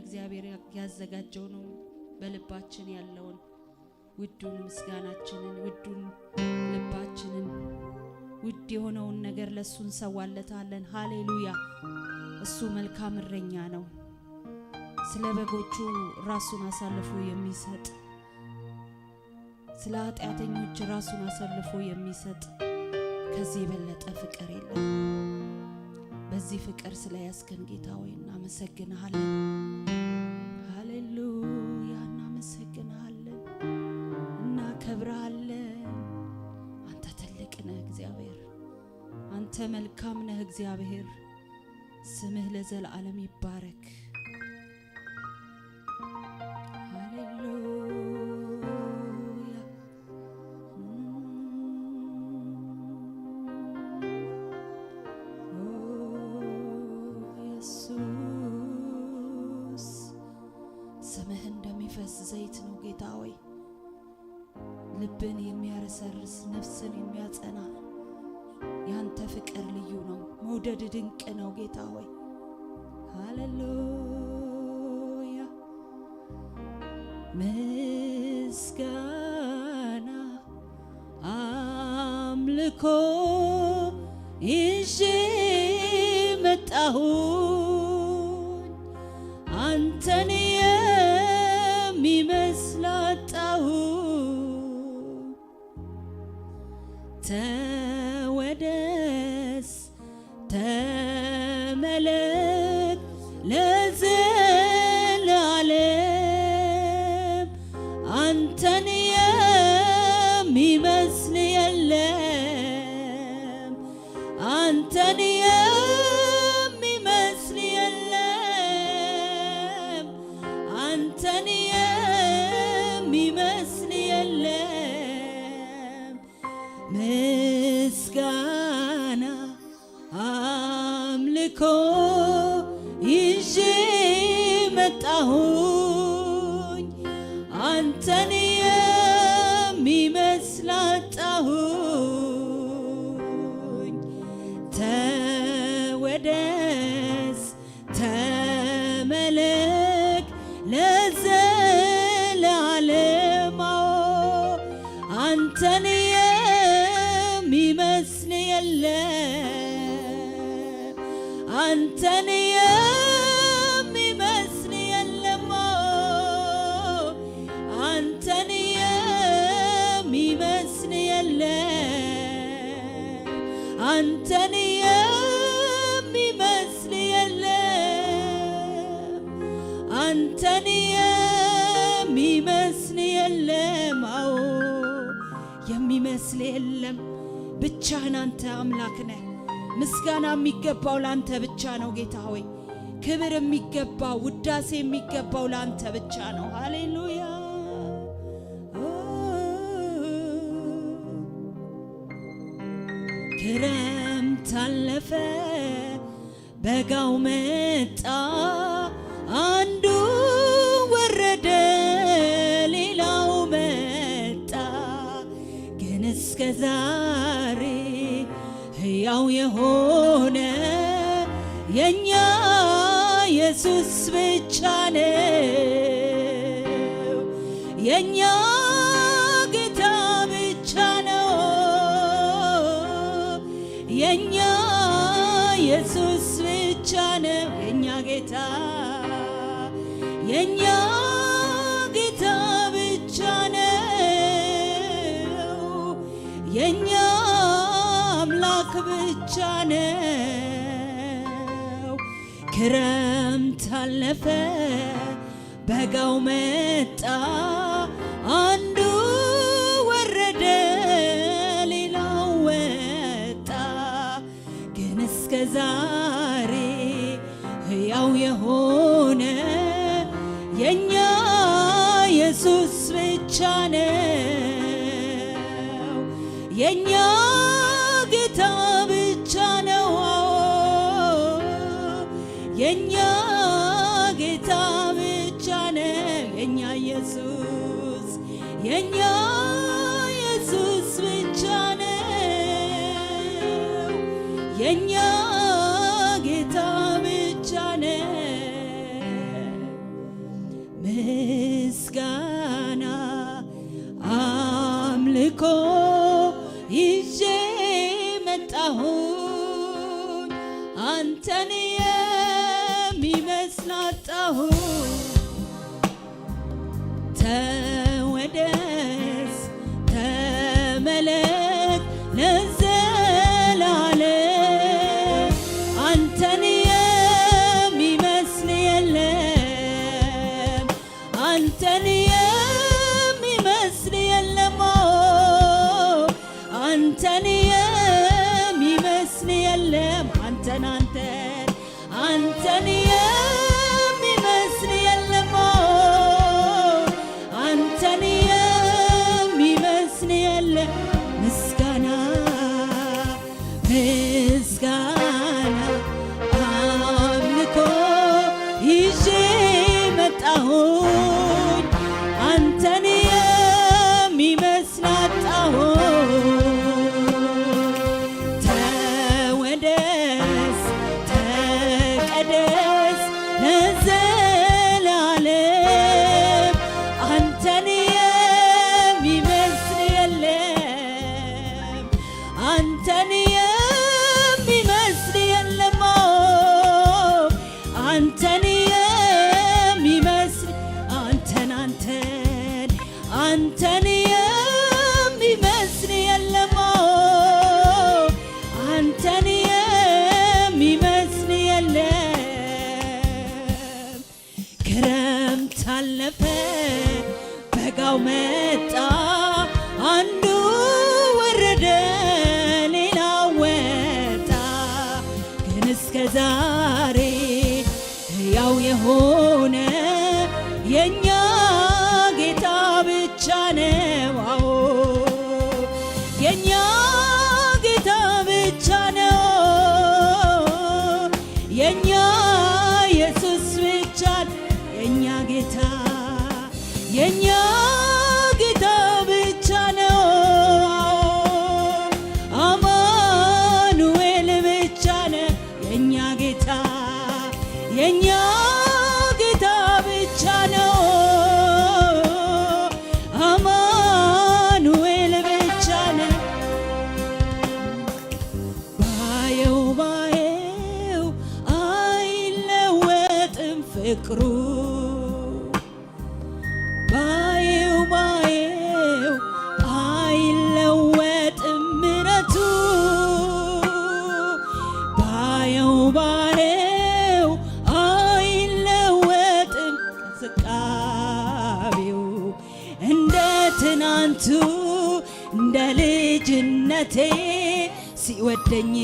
እግዚአብሔር ያዘጋጀው ነው። በልባችን ያለውን ውዱን ምስጋናችንን ውዱን ልባችንን ውድ የሆነውን ነገር ለእሱ እንሰዋለታለን። ሃሌሉያ! እሱ መልካም እረኛ ነው። ስለ በጎቹ ራሱን አሳልፎ የሚሰጥ ስለ ኃጢአተኞች ራሱን አሳልፎ የሚሰጥ ከዚህ የበለጠ ፍቅር የለም። በዚህ ፍቅር ስለያዝከን ጌታ ሆይ እናመሰግንሃለን። ሃሌሉያ እናመሰግንሃለን፣ እናከብርሃለን። አንተ ትልቅ ነህ እግዚአብሔር፣ አንተ መልካም ነህ እግዚአብሔር። ስምህ ለዘላለም ይባረክ። ልብን የሚያረሰርስ ነፍስን የሚያጸና ያንተ ፍቅር ልዩ ነው። መውደድ ድንቅ ነው ጌታ ሆይ ሃሌሉያ ምስጋና አምልኮ ይዤ መጣሁ አንተኔ አንተ ወደስ ተመለ እኮ ይዤ መጣሁኝ አንተን አንተን የሚመስል የለም አንተን የሚመስል የለም አንተን የሚመስል የለም አንተን የሚመስል የለም የሚመስል የለም ብቻህን አንተ አምላክ ነህ። ምስጋና የሚገባው ላንተ ብቻ ነው ጌታ ሆይ። ክብር የሚገባው ውዳሴ የሚገባው ላንተ ብቻ ነው። ሃሌሉያ ክረምት አለፈ፣ በጋው መጣ፣ አንዱ ወረደ፣ ሌላው መጣ ግን እስከዛ ሕያው የሆነ የእኛ ኢየሱስ ብቻ ነው የእኛ ብቻ ነው። ክረምት አለፈ በጋው መጣ አንዱ ወረደ ሌላው ወጣ፣ ግን እስከ ዛሬ ሕያው የሆነ የእኛ ኢየሱስ ብቻ ነው የእኛ 也有。pain. ዛሬ ያው የሆነ የኛ እንክብካቤው እንደ ትናንቱ እንደ ልጅነቴ ሲወደኝ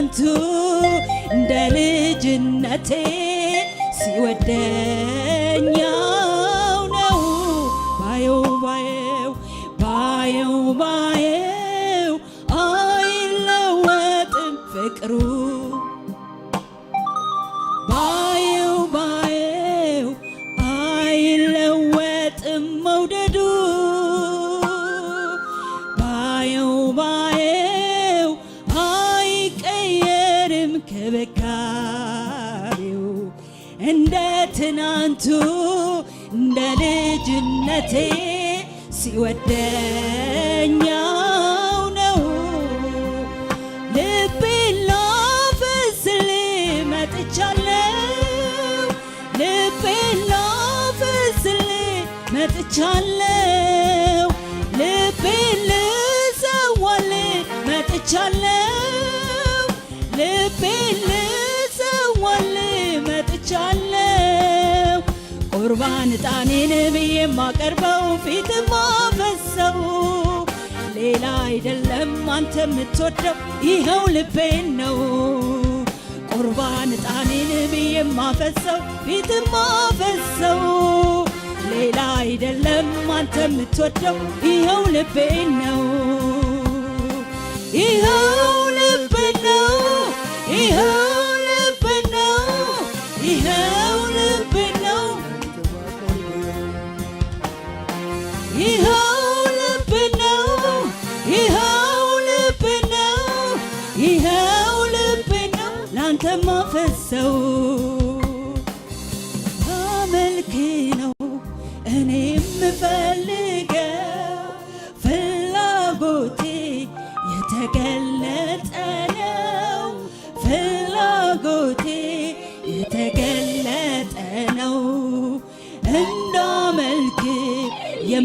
እንዳንቱ እንደ ልጅነቴ ሲወደኛ ከጥንቱ እንደ ልጅነቴ ሲወደኛው ነው ልቤን ላፈስል መጥቻለሁ ልቤን ላፈስል መጥቻለሁ ልቤን ልሰዋል መጥቻለሁ ልቤን ቁርባን ጣኔን ብዬ የማቀርበው ፊት ማፈሰው ሌላ አይደለም አንተ የምትወደው ይኸው ልቤን ነው። ቁርባን ጣኔን ብዬ የማፈሰው ፊት ማፈሰው ሌላ አይደለም አንተ የምትወደው ይኸው ልቤን ነው ይኸው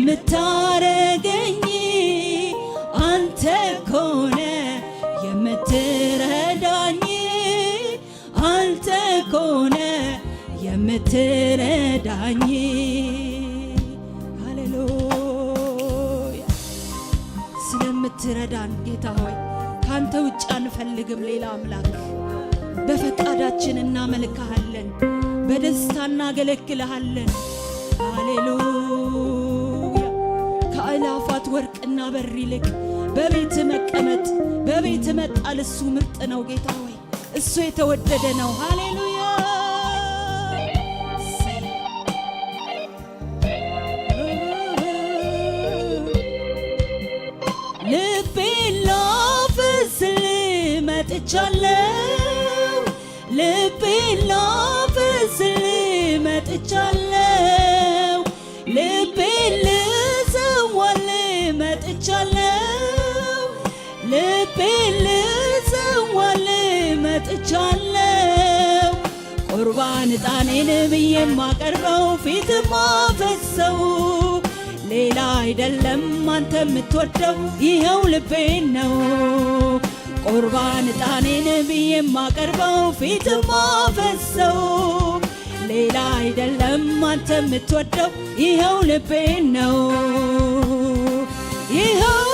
የምታረገኝ አንተ ኮነ የምትረዳኝ አንተ ኮነ የምትረዳኝ ሃሌሉያ ስለምትረዳን ጌታ ሆይ ካንተ ውጭ አንፈልግም ሌላ አምላክ በፈቃዳችን እናመልክሃለን በደስታ እናገለግልሃለን ሃሌሉያ ከአእላፋት ወርቅና በር ይልቅ በቤት መቀመጥ በቤት መጣል እሱ ምርጥ ነው። ጌታ ሆይ እሱ የተወደደ ነው። ሃሌሉያ መጥቻለሁ ቁርባን ዕጣኔን ብዬ ማቀርበው ፊት ማፈሰው ሌላ አይደለም አንተ የምትወደው ይኸው ልቤን ነው። ቁርባን ዕጣኔን ብዬ ማቀርበው ፊት ማፈሰው ሌላ አይደለም አንተ የምትወደው ይኸው ልቤን ነው። ይኸው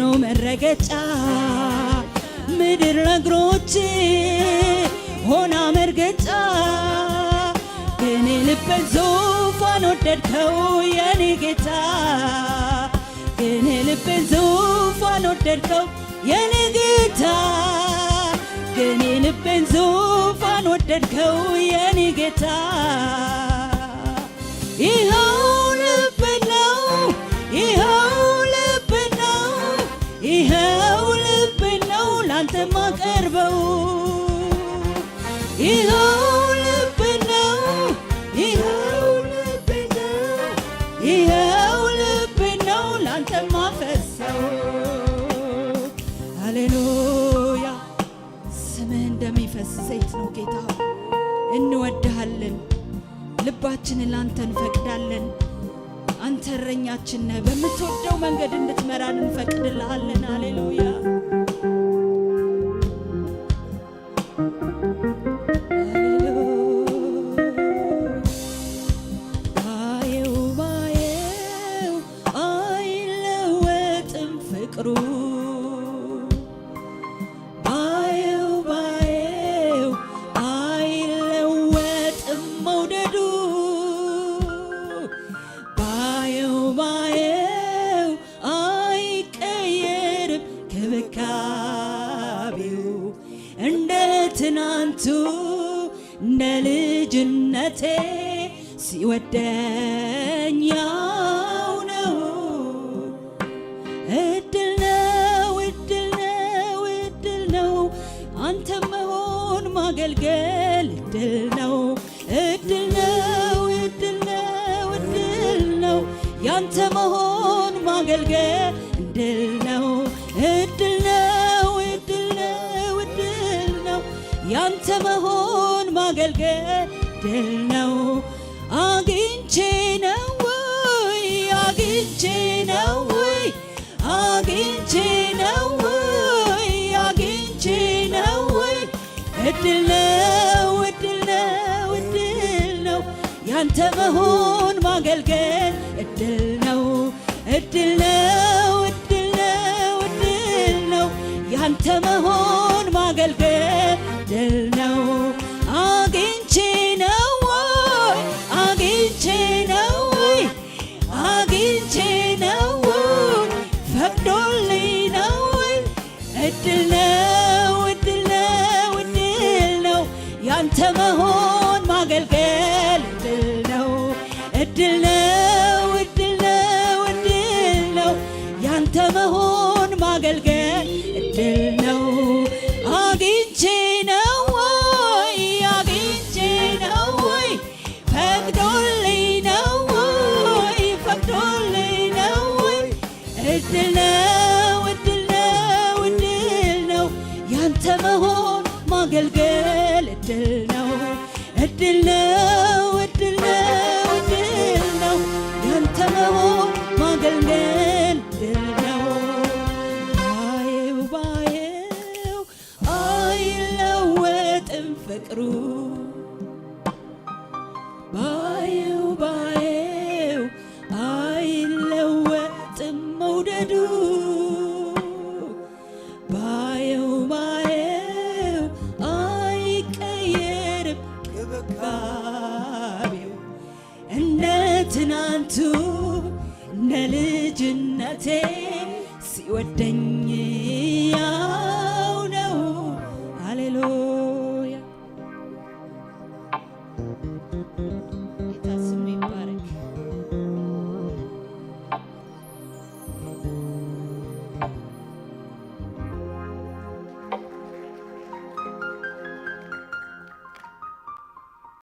ነው መረገጫ ምድር ለእግሮች ሆና መርገጫ የኔልበት ዙፋን ወደድከው የኔ ጌታ የኔልበት ዙፋን ወደድከው የኔ ጌታ የኔልበት ዙፋን ወደድከው የኔ ጌታ ይኸው የማቀርበው ይኸው ልብ ነው ይኸው ልብ ነው ይኸው ልብ ነው ላንተ ማፈሰው ሃሌሉያ ስምህ እንደሚፈስ ዘይት ነው ጌታ እንወድሃለን ልባችንን ላንተ እንፈቅዳለን አንተ እረኛችን ነህ በምትወደው መንገድ እንድትመራን እንፈቅድልሃለን ሃሌሉያ እድል ነው እድል ነው እድል ነው እድል ነው ያንተ መሆን ማገልገል እድል ነው እድል ነው እድል ነው እድል ነው ያንተ መሆን ማገልገል እድል ነው አግኝቼ ነው ወይ አግኝቼ ያንተ መሆን ማገልገል እድል ነው እድል ነው እድል ነው እድል ነው ያንተ መሆን ማገልገል እድል ነው አግኝቼ ነው ወይ አግኝቼ ነው ወይ አግኝቼ ነው ወይ ፈቅዶልኝ ነው ወይ እድል ነው እድል ነው እድል ነው ያንተ መሆን ያንተ መሆን ማገልገል እድል ነው እድል ነው እድል ነው እድል ነው ያንተ መሆን ማገልገል እድል ነው ባየው ባየው አይለወጥም ፍቅሩ እንዳናንቱ እንደ ልጅነቴ ሲወደኝ